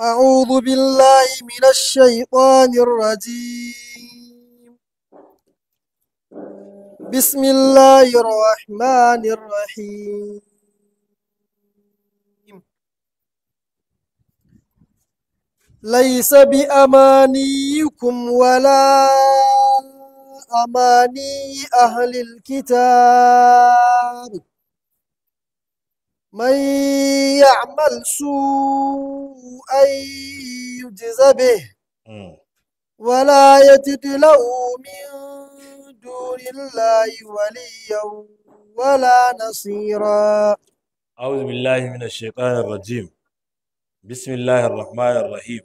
أعوذ بالله من الشيطان الرجيم بسم الله الرحمن الرحيم ليس بأمانيكم ولا أماني أهل الكتاب من يعمل سوءا يجز به ولا يجد له من دون الله وليا ولا نصيرا أعوذ بالله من الشيطان الرجيم بسم الله الرحمن الرحيم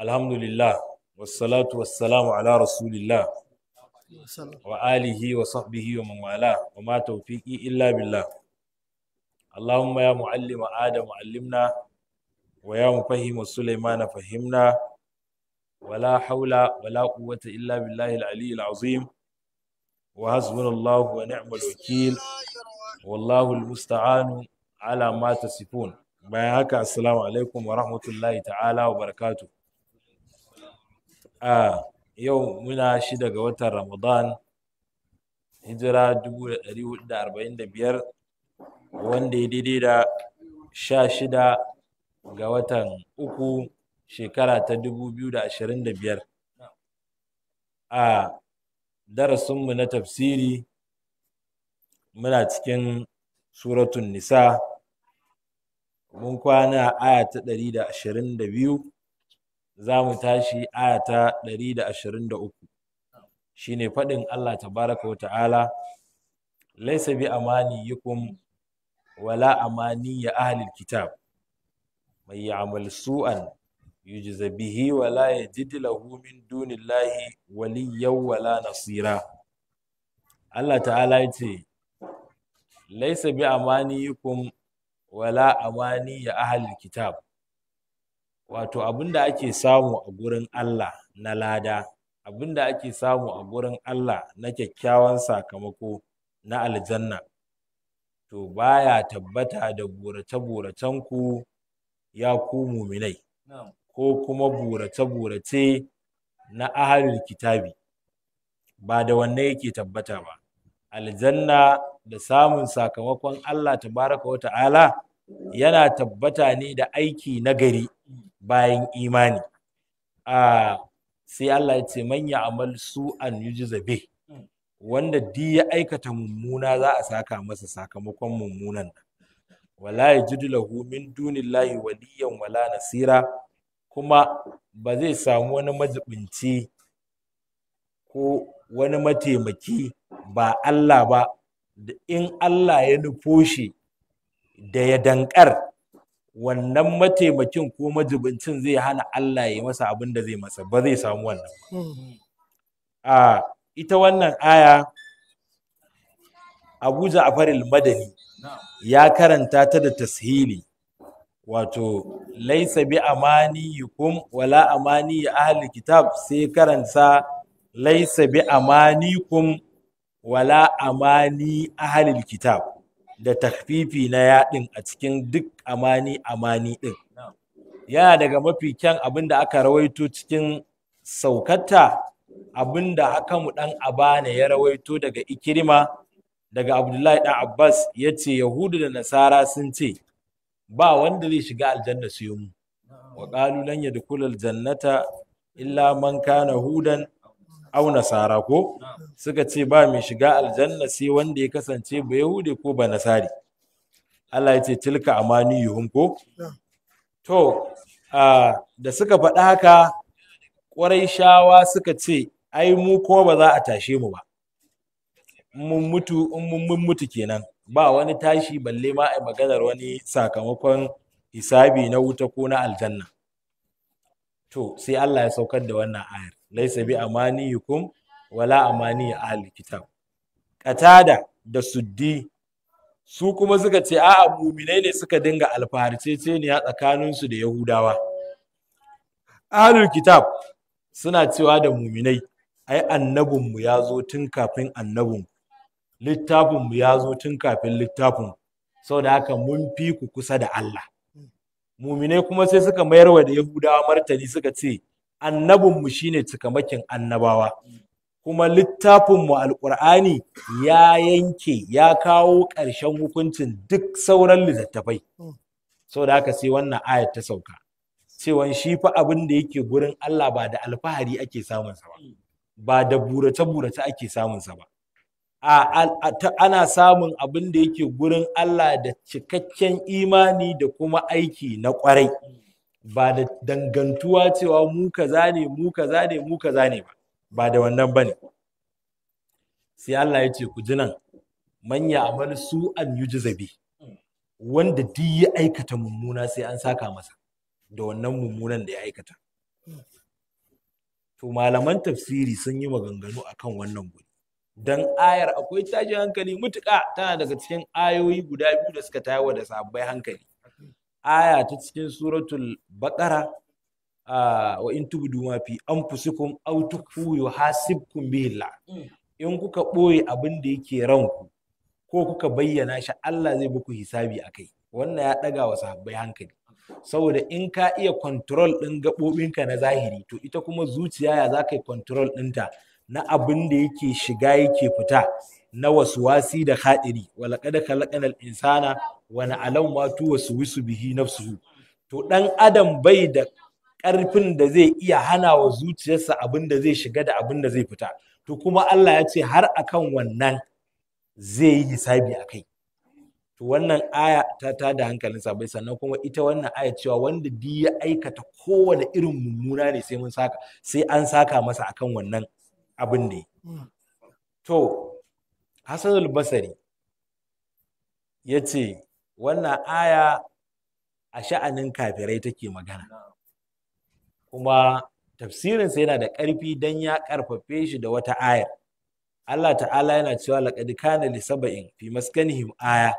الحمد لله والصلاة والسلام على رسول الله وآله وصحبه ومن والاه وما توفيقي إلا بالله Allahumma ya muallima Adam allimna wa ya mufahhima Sulaiman fahimna Wala haula wala la illa billahi ali al-azim wa hasbunallahu wa ni'mal wakeel wallahu al-musta'anu ala ma tasifun bayan haka assalamu alaikum wa rahmatullahi ta'ala wa barakatuh a ah, yau muna shida ga watan ramadan hijira biyar. wanda ya daidai da sha shida ga watan uku shekara ta dubu biyu da ashirin da biyar a darasinmu na tafsiri muna cikin suratun nisa mun kwana aya ta ɗari da ashirin da biyu za mu tashi aya ta ɗari da ashirin da uku shine faɗin allah tabaraka wa ta'ala laisa bi amaniyikum wala amaniya ahlil kitab mai ya'mal su'an yujza bihi wala yajid lahu min dunillahi waliyyan wala nasira Allah ta'ala yace laisa bi amaniyikum wala amani ya ahlil kitab wato abinda ake samu a gurin Allah na lada abinda ake samu a gurin Allah na kyakkyawan sakamako na aljanna to baya tabbata da burace-buracen ku ya ku muminai ko kuma burace-burace na ahalin kitabi ba da wanne yake tabbata ba aljanna da samun sakamakon Allah tabaraka wa ta'ala yana tabbata ne da aiki nagari bayan imani a ah, sai Allah ya ce manya amal an yujiza bih wanda di ya aikata mummuna za a saka masa sakamakon mummunan wala ya yajidu lahu min dunillahi waliyan wala nasira kuma ba zai samu wani majibinci ko wani mataimaki ba Allah ba da in Allah ya nufo shi da ya dankar wannan mataimakin ko majibincin zai hana Allah ya masa abin da zai masa ba zai samu wannan ba hmm. ah, ita wannan aya Abu a faril madani ya karanta ta da tashili wato laisa bi amaniyukum wala amani ahli kitab sai karanta laisa bi kum wala amani ahli kitab da takfifi na yaɗin a cikin duk amani amani ɗin. yana daga mafi kyan abin da aka rawaito cikin saukatta. Abin da abinda ɗan dan ne ya rawaito daga ikirima daga abdullahi dan abbas ya ce yahudu da nasara sun ce ba wanda zai shiga aljanna su yi mu wa qalu lan yadkhulul jannata illa man kana hudan aw nasara ko suka ce ba mai shiga aljanna sai wanda ya kasance ba yahudi ko ba nasari Allah ya ce tilka amaniyuhum ko to ah, da suka faɗa haka Kwarai shawa suka ce ai mu ko ba za a tashe mu ba mun mutu in mun mun mutu kenan ba wani tashi balle ma ai maganar wani sakamakon hisabi na wuta ko na aljanna to sai Allah ya saukar da wannan ayar laysa bi amaniyukum wala amani ahli kitab qatada da suddi su kuma suka ce a'a muminai ne suka dinga ce alfaharceceniya tsakaninsu da yahudawa ahlul kitab suna cewa da muminai ai annabinmu ya zo tun kafin annabin littafinmu ya zo tun kafin littafin saboda haka mun fi ku kusa da Allah muminai kuma sai suka mayar wa da yahudawa martani suka ce annabinmu shine cikamakin annabawa kuma littafinmu alƙur'ani ya yanke ya kawo ƙarshen hukuncin duk sauran littattafai saboda haka sai wannan ayat ta sauka cewa shi fa abin da yake gurin Allah ba da alfahari ake samunsa ba ba da burace-burace ake samunsa ba ana samun abin da yake gurin Allah da cikakken imani da kuma aiki na kwarai ba da dangantuwa cewa mu kaza ne mu kaza ne mu kaza ne ba ba da wannan bane sai Allah ya ce ku ji nan manya amal su an bi wanda duk ya aikata mummuna sai an saka masa da wannan mummunan da ya aikata to malaman tafsiri sun yi maganganu a kan wannan guri Don ayar akwai cajin hankali Mutuƙa tana daga cikin ayoyi guda biyu da suka tayawa da sabbai hankali aya ta cikin suratul baƙara wa in tubdu ma fi anfusikum aw tukfu yuhasibkum billah in kuka ɓoye abin da yake ranku ko kuka bayyana shi Allah zai muku hisabi akai wannan ya ɗaga wa sahabbai hankali saboda in ka iya kontrol ɗin gaɓoɓinka na zahiri to ita kuma zuciya ya za ka yi kontrol ɗinta na abin da yake shiga yake fita na wasu wasi da haɗiri ka laƙanar insana wani alam watu wasu wisu bihi nafsuhu to ɗan adam bai da ƙarfin da zai iya hana wa zuciyarsa abin da zai shiga da abin da zai fita to kuma Allah ya ce har akan wannan zai yi hisabi a kai to wannan aya ta ta da hankalin sabai sannan kuma ita wannan aya cewa wanda di ya aikata kowane irin mummuna ne sai mun saka sai an saka masa akan wannan abin ne hmm. to hasanul basari ya ce wannan aya a sha'anin kafirai take magana kuma tafsirinsa yana da ƙarfi don ya ƙarfafe shi da wata ayar Allah ta'ala yana cewa laqad kana li sab'in fi maskanihim aya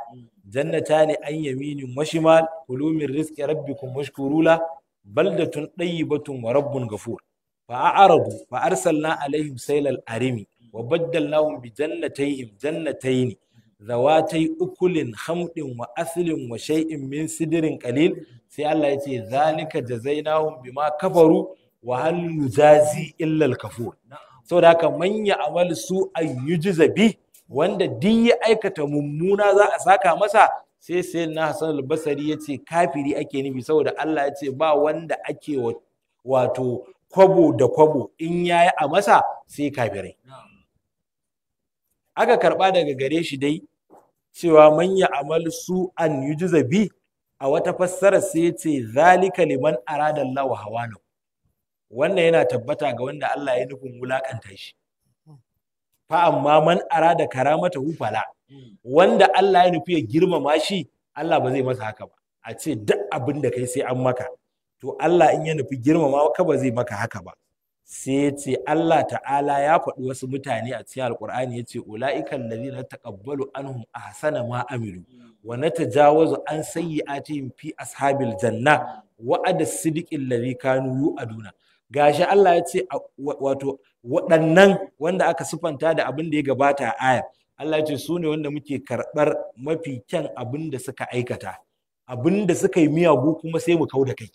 jannatani an yaminin wa shimal kulu min rizqi rabbikum washkuru la baldatun tayyibatun wa rabbun ghafur fa a'radu fa arsalna alaihim saylal arimi wa baddalnahum bi jannatayhim jannatayn zawatai ukulin hamdin wa aslin wa shay'in min sidirin qalil sai Allah ya ce zalika jazainahum bima kafaru wa hal yujazi illa al kafur saboda haka manya amal su an yi jizabi wanda duk ya aikata mummuna za a saka masa sai sai na Hassan al-Basri ce kafiri ake nufi saboda Allah ya ce ba wanda ake wato kwabo da kwabo in yayi a masa sai kafirai aka karba daga gare shi dai cewa manya amal su an yi jizabi a wata fassara sai yace zalika liman arada Allah wa hawanahu wannan yana tabbata ga wanda Allah ya nufin wulakanta shi hmm. fa amma man arada karamata mata hmm. wanda Allah ya nufi ya girmama shi Allah ba zai masa haka ba a ce duk abin da kai sai an maka to Allah in ya nufi girmama ka ba zai maka haka ba sai ya ce Allah ta'ala ya faɗi wasu mutane a cikin alƙur'ani ya ce ula'ikan ladina taqabbalu anhum ahsana ma amilu wa natajawazu an sayyi'atihim fi ashabil janna wa'ada sidikin sidqil ladhi kanu yu'aduna gashi Allah ya ce wato waɗannan wanda aka sifanta da abin da ya gabata a aya Allah ya ce su ne wanda muke karɓar mafi kyan abin da suka aikata abin da suka yi miyagu kuma sai mu kau da kai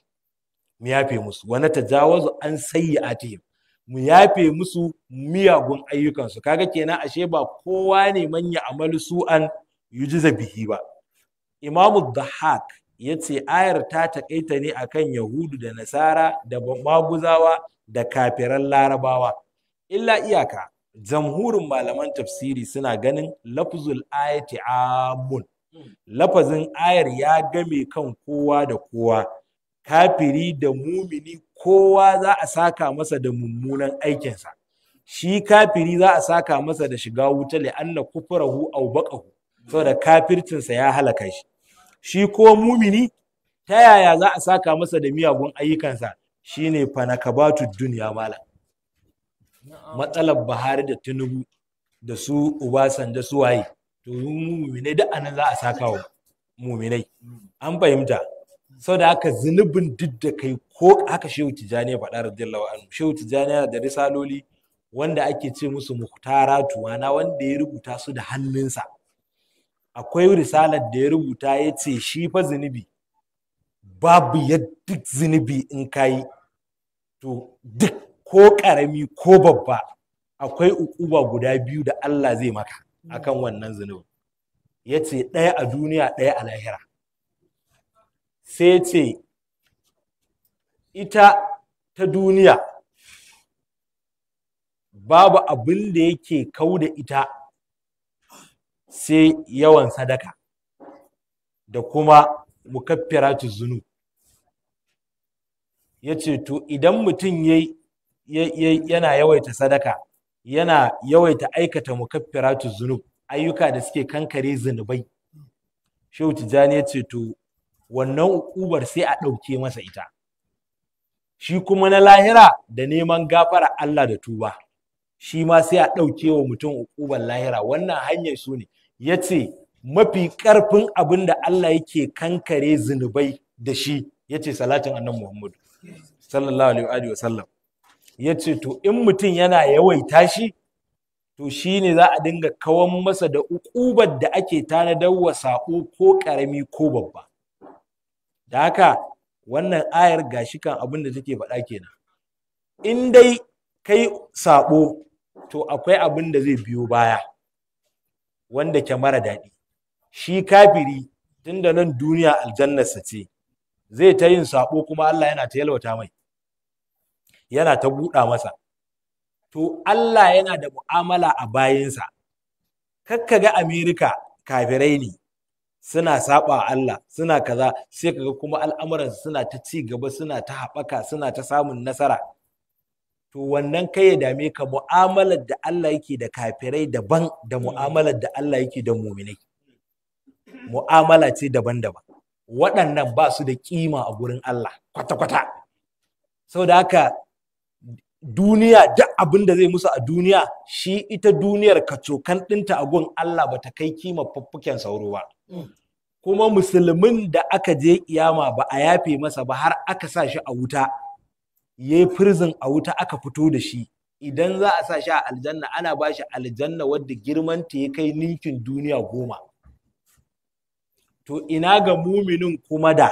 mu yafe musu wa tajawazu an sayi sayyi'atihim mu yafe musu miyagun ayyukansu kaga kenan ashe ba kowa ne manya amalu an yujiza bihi ba imamu dhahak ya ce ayar ta taƙaita ne a kan yahudu da nasara da maguzawa da kafiran larabawa illa iyaka jamhurin malaman tafsiri suna ganin lafzul ayati amun lafazin ayar ya game kan kowa da kowa kafiri da mumini kowa za a saka masa da mummunan aikinsa shi kafiri za a saka masa da shiga wuta li'anna kufrahu aw baqahu saboda kafircinsa ya halaka shi shi ko mumini ta yaya za a saka masa da miyagun ayyukansa shi shine fanakabatu duniya mala matsalar Buhari da Tinubu da su Obasanjo su waye to muminai da anan za a saka wa muminai an fahimta sau da haka zunubin duk da kai ko haka shehu tijjani ya faɗa radiyallahu anhu shehu tijjani da risaloli wanda ake ce musu muhtaratu tuwana wanda ya rubuta su da hannunsa akwai risalar da ya rubuta ya ce shi fa zunubi babu yadda zunubi in ka yi to duk ko ƙarami ko babba akwai ukuba guda biyu da Allah zai maka akan wannan zunubin ya ce ɗaya a duniya ɗaya a lahira sai ce ita ta duniya babu abin da yake kau da ita sai yawan sadaka da kuma mukaffiratu zunu ya ce to idan mutum yana yawaita sadaka yana yawaita aikata mukaffiratu zunub ayyuka da suke kankare zunubai shehu tijjani ya ce to wannan ukubar sai a ɗauke masa ita shi kuma na lahira da neman gafara Allah da tuba shi ma sai a ɗauke wa mutum ukubar lahira wannan hanyar su ne ya ce mafi ƙarfin abin da Allah yake kankare zunubai da shi ya ce salatin annan Muhammadu sallallahu alaihi wa sallam ya ce to in mutum yana yawaita shi to shi ne za a dinga kawan masa da ukubar da ake tanadar wa saƙo ko ƙarami ko babba da haka wannan ayar gashi kan abin da take faɗa kenan in dai kai saɓo to akwai abin da zai biyo baya wanda ke mara daɗi shi kafiri tunda nan duniya aljannarsa ce zai ta yin saɓo kuma Allah yana ta yalwata mai yana ta buɗa masa to Allah yana da mu'amala a bayansa kakka ga Amerika kafirai ne suna saɓa Allah suna kaza sai kaga kuma al'amuransu suna ta ci gaba suna ta haɓaka suna ta samun nasara to wannan kai ya dame ka mu'amalar da Allah yake da kafirai daban da mu'amalar da Allah yake da muminai mu'amala ce daban-daban waɗannan ba su da kima a gurin Allah kwata-kwata saboda haka duniya duk abin da zai musu a duniya shi ita duniyar kacokan ɗinta a gun Allah ba ta kai kima fuffuken sauro ba kuma musulmin da aka je kiyama ba a yafe masa ba har aka sa shi a wuta ya yi firzin a wuta aka fito da shi idan za a sa shi a aljanna ana ba shi aljanna wadda girman ta ya kai ninkin duniya goma to ina ga muminin kuma da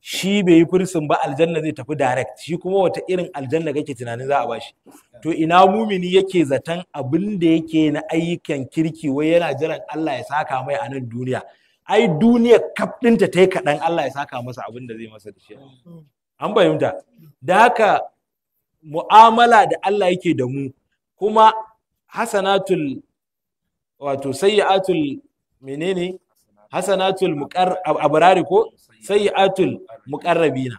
shi bai yi firsin ba aljanna zai tafi direct shi kuma wata irin aljanna kake tunanin za a ba shi to ina mumini yake zaton abin da yake na ayyukan kirki wai yana jiran Allah ya saka mai a nan duniya ai duniya kaf ɗinta ta kaɗan Allah ya saka masa abin da zai masa da shi an fahimta da haka mu'amala da Allah yake da mu kuma hasanatul wato sayyatul menene hasanatul muqar abrari ko sayyatul muqarrabina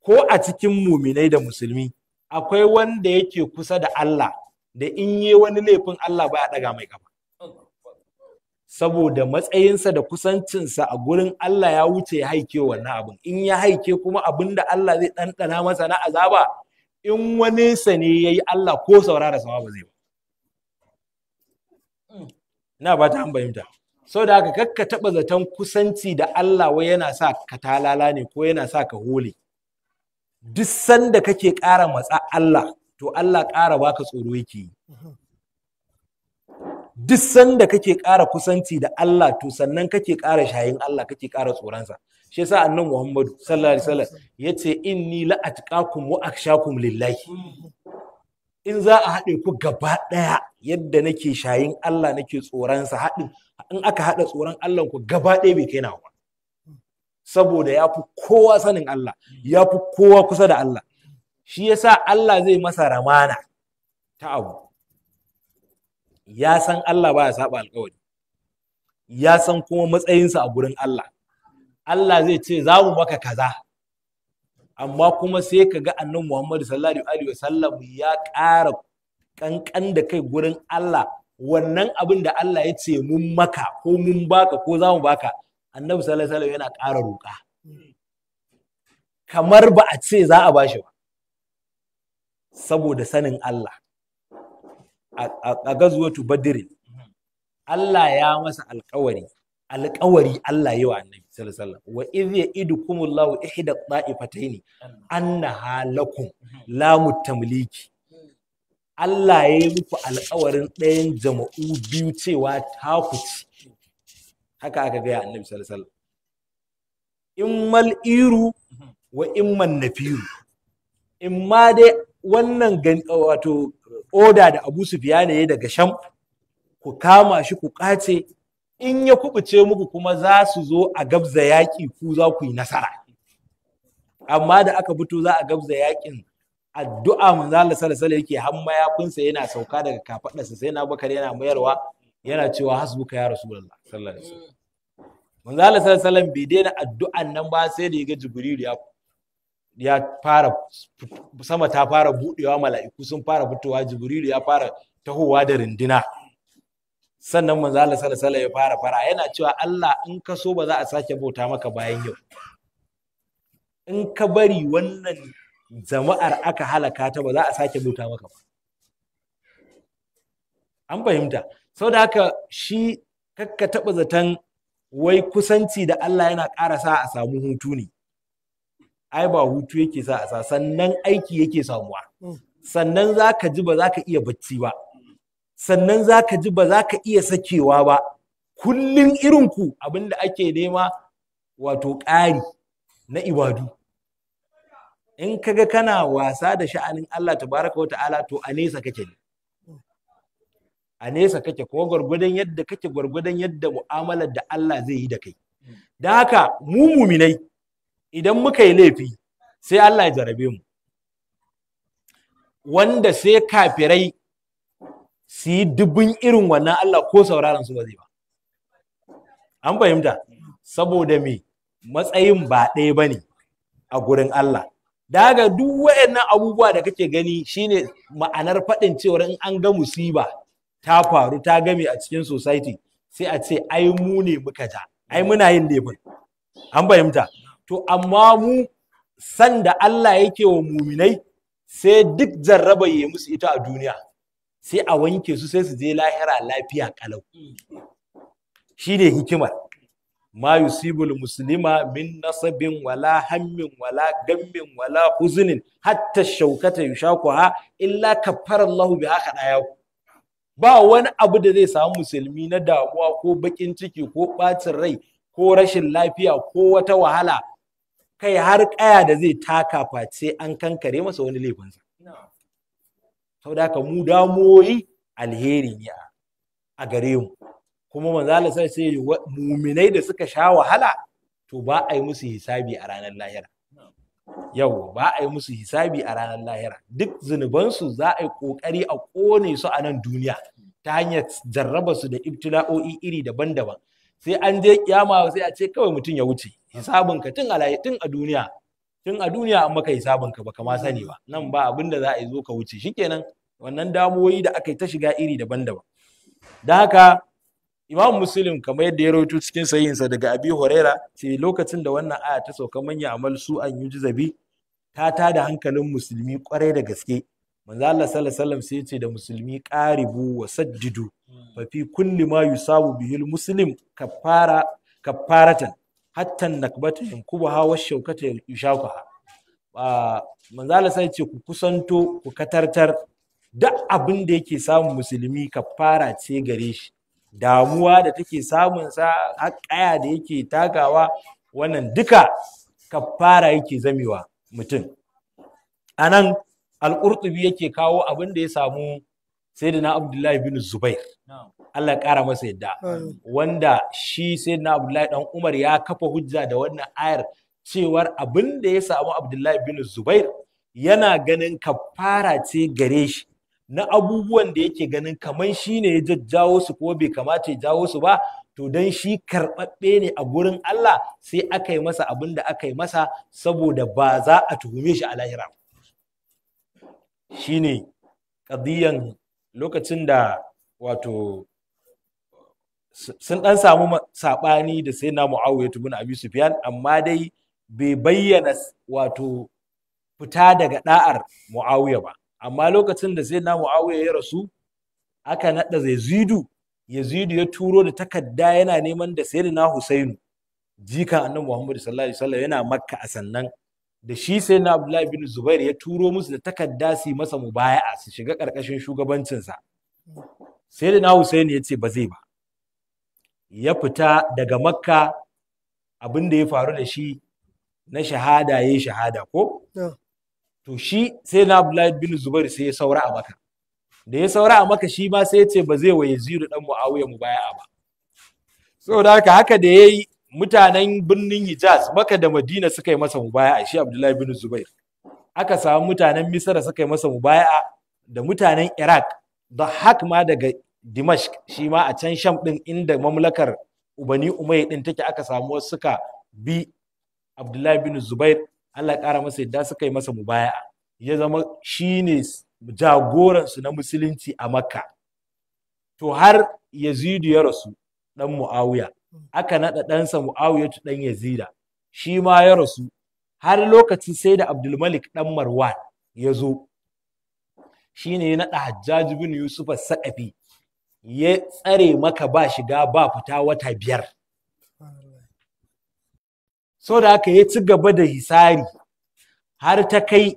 ko a cikin muminai da musulmi akwai wanda yake kusa da Allah da in yi wani laifin Allah ba a daga mai kafa saboda matsayinsa da kusancinsa a gurin Allah ya wuce ya haike wannan abin in ya haike kuma abin da Allah zai ɗanɗana masa na azaba in wani sa ne ya yi Allah ko saurara sama ba zai ba na ba ta an fahimta Sau da aka kakka taɓa zaton kusanci da Allah wai yana sa ka talala ne ko yana sa ka hole duk sanda kake ƙara matsa Allah to Allah ƙara baka tsoro yake yi mhm. duk sanda kake ƙara kusanci da Allah to sannan kake ƙara shayin Allah kake ƙara tsoronsa shi yasa annabi Muhammadu sallallahu alaihi wasallam yace inni la atqakum wa akshakum lillahi in za a haɗe ku gaba ɗaya yadda nake shayin Allah nake tsoronsa haɗin in aka haɗa tsoron Allah ku gaba ɗaya bai kai nawa saboda ya fi kowa sanin Allah ya fi kowa kusa da Allah shi yasa Allah zai masa ramana ta abu ya san Allah ba ya saba alkawari ya san kuma matsayinsa a gurin Allah Allah zai ce za mu maka kaza amma kuma sai ka ga annabi muhammad sallallahu alaihi wasallam ya ƙara kankan da kai gurin Allah wannan abin da Allah ya ce mun maka ko mun baka ko za mu baka annabi sallallahu alaihi yana ƙara roƙa kamar ba a ce za a bashi ba saboda sanin Allah a gazwatu badrin Allah ya masa alƙawari alƙawari Allah yi wa annabi sallallahu alaihi wasallam wa idh ya'idukumullahu ihda ta'ifataini annaha lakum lamu mutamliki Allah ya yi muku alƙawarin ɗayan jama'u biyu cewa ta ku haka aka gaya annabi sallallahu alaihi wasallam immal iru wa imman nafiru ma dai wannan wato oda da Abu Sufyan ya daga Sham ku kama shi ku kace in ya kubuce muku kuma za su zo a gabza yaƙi ku za ku yi nasara amma da aka fito za a gabza yaƙin addu'a manzo Allah sallallahu alaihi yake hamma ya kunsa yana sauka daga sa sai na bakar yana mayarwa yana cewa hasbuka ya rasulullah sallallahu alaihi wasallam manzo Allah sallallahu alaihi bai daina addu'an nan ba sai da ya ga jibril ya ya fara sama ta fara buɗewa mala'iku sun fara fitowa jibrilu ya fara tahowa da rindina sannan manzo Allah sallallahu alaihi ya fara fara yana cewa Allah in ka so ba za a sake bauta maka bayan yau in ka bari wannan jama'ar aka halaka ta ba za a sake bauta maka ba an fahimta saboda haka shi kakka taɓa zaton wai kusanci da Allah yana ƙara sa a samu hutu ne ai ba hutu yake sa a sa sannan aiki yake samuwa hmm. sannan za ka ji ba za ka iya bacci ba sannan za ka ji ba za ka iya sakewa ba kullum irinku abin da ake nema wato ƙari na ibadu in kaga kana wasa da sha'anin Allah tabaraka wa ta'ala to a nesa kake ne hmm. a nesa kake ko gwargwadon yadda kake gwargwadon yadda mu'amalar da Allah zai yi da kai hmm. da haka mu muminai idan muka yi laifi sai Allah ya jarabe mu wanda sai kafirai su yi dubin irin wannan Allah ko sauraron su ba zai ba an fahimta saboda me matsayin ba ɗaya ba ne a gurin Allah daga duk waɗannan abubuwa da kake gani shine ma'anar faɗin cewa in an ga musiba ta faru ta game a cikin society sai a ce ai mu ne muka ja ai muna yin laifin an fahimta to amma mu san da Allah yake wa muminai sai duk jarraba ya musu ita a duniya sai a wanke su sai su je lahira lafiya kalau shine hikimar ma yusibul muslima min nasabin wala hammin wala gammin wala huzunin hatta shaukata yushakuha illa kaffara Allahu haka kadaya ba wani abu da zai samu musulmi na damuwa ko bakin ciki ko bacin rai ko rashin lafiya ko wata wahala kai har kaya da zai taka face an kankare masa wani laifinsa saboda haka mu damuwoyi alheri ne a gare mu kuma Allah sai sai muminai da suka sha wahala to ba a yi musu hisabi a ranar lahira yau ba a yi musu hisabi a ranar lahira duk zunubansu za a yi kokari a kone su a nan duniya ta hanyar jarraba su da ibtila'o'i iri daban-daban sai an je kiyama sai a ce kawai mutum ya wuce hisabin ka tun alayi tun a duniya tun a duniya an maka hisabin ka baka ma sani ba nan ba abin da za a yi zo ka wuce shikenan wannan damuwoyi da aka yi ta shiga iri daban-daban da haka Imam Muslim kamar yadda ya rawaito cikin sahihinsa daga Abi Huraira ce lokacin da wannan aya ta sauka manya amal su an yi ta tada hankalin musulmi kwarai da gaske manzo Allah sallallahu alaihi wasallam sai ya ce da musulmi qaribu wa saddidu hmm. fa fi kulli ma yusabu bihi muslim kafara kafaratan hatta nakbata ha wa shaukata ha ah, manzo Allah sai ya ce ku kusanto ku katartar duk abin da yake samun musulmi kafara ce gare shi damuwa da take samun sa haƙaya da yake tagawa wannan duka kafara yake zamewa mutum anan al-qurtubi yake kawo abin da ya samu sayyidina abdullahi bin zubair Allah ƙara masa yadda wanda shi sayyidina abdullahi dan umar ya kafa hujja da wannan ayar cewar abin da ya samu abdullahi bin zubair yana ganin kafara ce gare shi na abubuwan da yake ganin kamar shi ne ya jajjawo su ko bai kamata ya jawo su ba to don shi karɓaɓɓe ne a gurin Allah sai aka yi masa abin da aka yi masa saboda ba za a tuhume shi a lahira. shine kadiyan lokacin da wato sun dan samu sabani da sai na muawiya bin abi sufyan amma dai bai bayyana wato fita daga da'ar muawiya ba amma lokacin da sai na muawiya ya rasu aka nada yazidu yazidu ya turo da takarda yana neman da sayyidina husainu jikan annabi muhammad sallallahu alaihi wasallam yana makka a sannan da shi sai na Abdullahi bin Zubair ya turo musu da takarda su masa mubaya'a su shiga karkashin shugabancinsa sai da na Hussein ya ce ba zai ba ya fita daga Makka abin da ya faru da shi na shahada ya shahada ko to shi sai na Abdullahi bin Zubair sai ya saura a Makka da ya saura a Makka shi ma sai ya ce ba zai wa Yazid dan Muawiya mubaya'a ba saboda haka haka da yayi mutanen birnin Hijaz Makka da Madina suka yi masa mubaya'a shi Abdullahi bin Zubair aka samu mutanen Misra suka yi masa mubaya'a da mutanen Iraq da hak ma daga Dimashq shi ma a can Sham din inda mamlakar Ubani Umayyad din take aka samu suka bi Abdullahi bin Zubair Allah ƙara masa yadda suka yi masa mubaya'a ya zama shine jagoransu na musulunci a Makka to har Yazidu ya rasu dan Muawiya aka naɗa ɗansa mu'awiyatu ɗan yazida shi ma ya rasu har lokacin sai da abdulmalik ɗan marwan ya zo shi ne ya naɗa hajjaji bin yusuf saƙafi ya tsare maka ba shiga ba fita wata biyar so da haka ya ci gaba da hisari har ta kai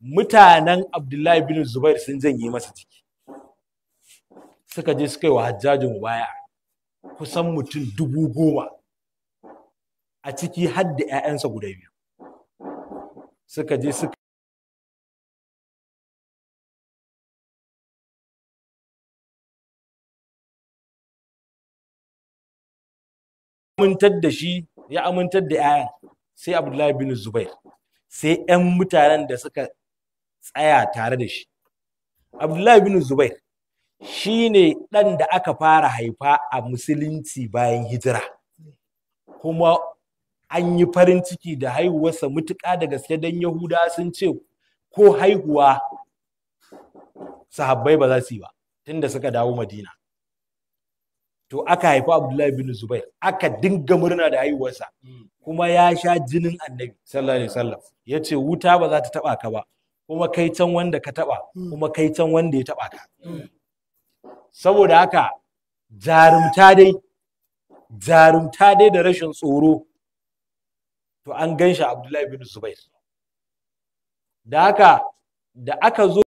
mutanen abdullahi bin zubair sun janye masa ciki suka je suka yi wa hajjajin baya kusan mutum dubu goma a ciki har da 'ya'yansa guda biyu suka je suka amintar da shi ya amintar da 'ya'yan sai abdullahi bin zubair sai 'yan mutanen da suka tsaya tare da shi abdullahi bin zubair Shi ne ɗan da aka fara haifa a musulunci bayan hijira kuma an yi farin ciki da haihuwarsa mutuƙa da gaske don yahuda sun ce ko haihuwa sahabbai ba za su yi ba tunda suka dawo madina to aka haifi abdullahi bin zubair aka dinga murna da haihuwarsa kuma ya sha jinin annabi sallallahu alaihi ya ce wuta ba za ta taba ka ba kuma kai can wanda ka taba kuma kai can wanda ya taba ka saboda haka jarumta dai jarumta dai da rashin tsoro to an ganshi abdullahi bin zubair da haka da aka zo